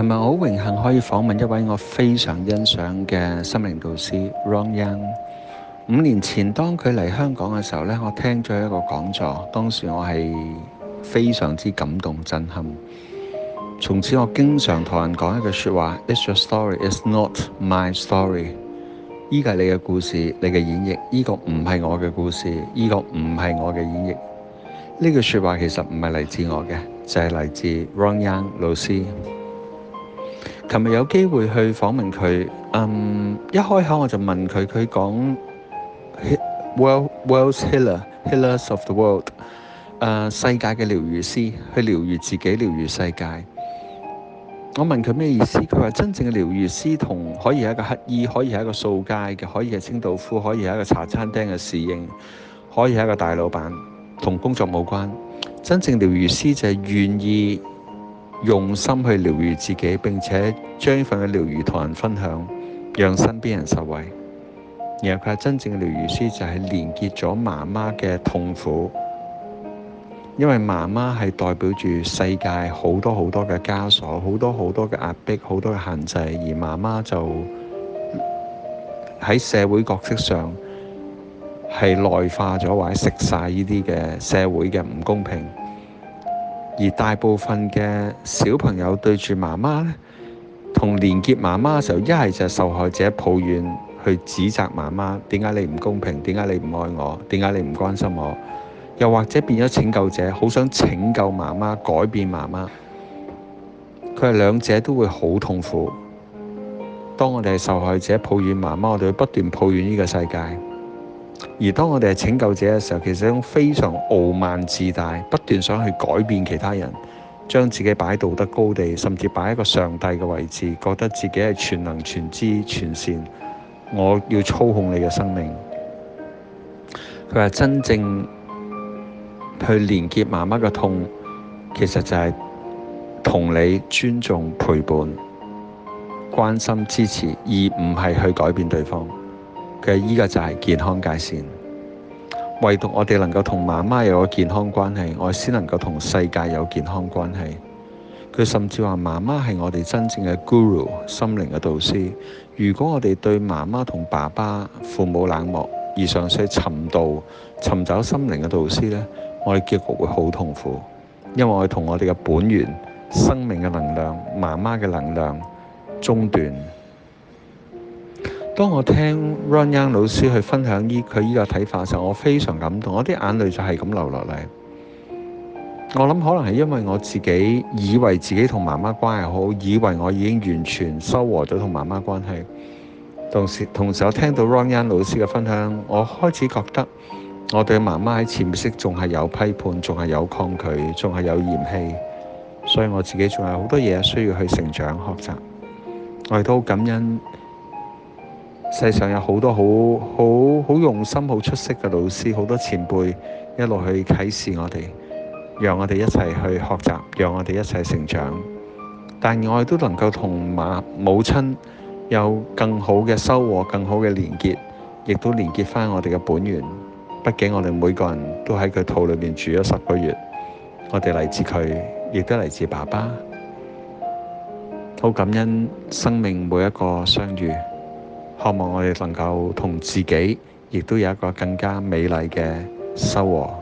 係咪好榮幸可以訪問一位我非常欣賞嘅心靈導師 Ron Young。五年前當佢嚟香港嘅時候咧，我聽咗一個講座，當時我係非常之感動震撼。從此我經常同人講一句説話「It's your story, it's not my story」。依個係你嘅故事，你嘅演繹，呢、這個唔係我嘅故事，依、這個唔係我嘅演繹。呢句説話其實唔係嚟自我嘅，就係、是、嚟自 Ron Young 老師。琴日有機會去訪問佢，嗯，一開口我就問佢，佢講，World, World's Healer, Healers of the World，呃，世界嘅療愈師，去療愈自己，療愈世界。我問佢咩意思，佢話真正嘅療愈師同可以係一個乞衣，可以係一個掃街嘅，可以係清道夫，可以係一個茶餐廳嘅侍應，可以係一個大老闆，同工作冇關。真正療愈師就係願意。用心去療癒自己，並且將呢份嘅療癒同人分享，讓身邊人受惠。然後佢係真正嘅療癒師，就係連結咗媽媽嘅痛苦，因為媽媽係代表住世界好多好多嘅枷鎖，好多好多嘅壓迫，好多嘅限制。而媽媽就喺社會角色上係內化咗，或者食晒呢啲嘅社會嘅唔公平。而大部分嘅小朋友對住媽媽呢，同連結媽媽嘅時候，一係就受害者抱怨，去指責媽媽，點解你唔公平？點解你唔愛我？點解你唔關心我？又或者變咗拯救者，好想拯救媽媽，改變媽媽。佢係兩者都會好痛苦。當我哋係受害者抱怨媽媽，我哋會不斷抱怨呢個世界。而當我哋係拯救者嘅時候，其實一種非常傲慢自大，不斷想去改變其他人，將自己擺喺道德高地，甚至擺喺一個上帝嘅位置，覺得自己係全能全知全善，我要操控你嘅生命。佢話真正去連結媽媽嘅痛，其實就係同你尊重陪伴、關心支持，而唔係去改變對方。嘅依家就係健康界線，唯獨我哋能夠同媽媽有個健康關係，我先能夠同世界有健康關係。佢甚至話媽媽係我哋真正嘅 guru，心靈嘅導師。如果我哋對媽媽同爸爸、父母冷漠，而嘗試尋道、尋找心靈嘅導師呢，我哋結局會好痛苦，因為我哋同我哋嘅本源、生命嘅能量、媽媽嘅能量中斷。當我聽 Ron Young 老師去分享依佢依個睇法嘅時候，我非常感動，我啲眼淚就係咁流落嚟。我諗可能係因為我自己以為自己同媽媽關係好，以為我已經完全收穫咗同媽媽關係。同時，同時我聽到 Ron Young 老師嘅分享，我開始覺得我對媽媽喺潛意識仲係有批判，仲係有抗拒，仲係有嫌棄。所以我自己仲有好多嘢需要去成長學習。我亦都好感恩。世上有好多好好好用心、好出色嘅老師，好多前輩一路去啟示我哋，讓我哋一齊去學習，讓我哋一齊成長。但我哋都能夠同媽、母親有更好嘅收穫、更好嘅連結，亦都連結翻我哋嘅本源。畢竟我哋每個人都喺佢肚裏面住咗十個月，我哋嚟自佢，亦都嚟自爸爸。好感恩生命每一個相遇。希望我哋能夠同自己，亦都有一個更加美麗嘅收穫。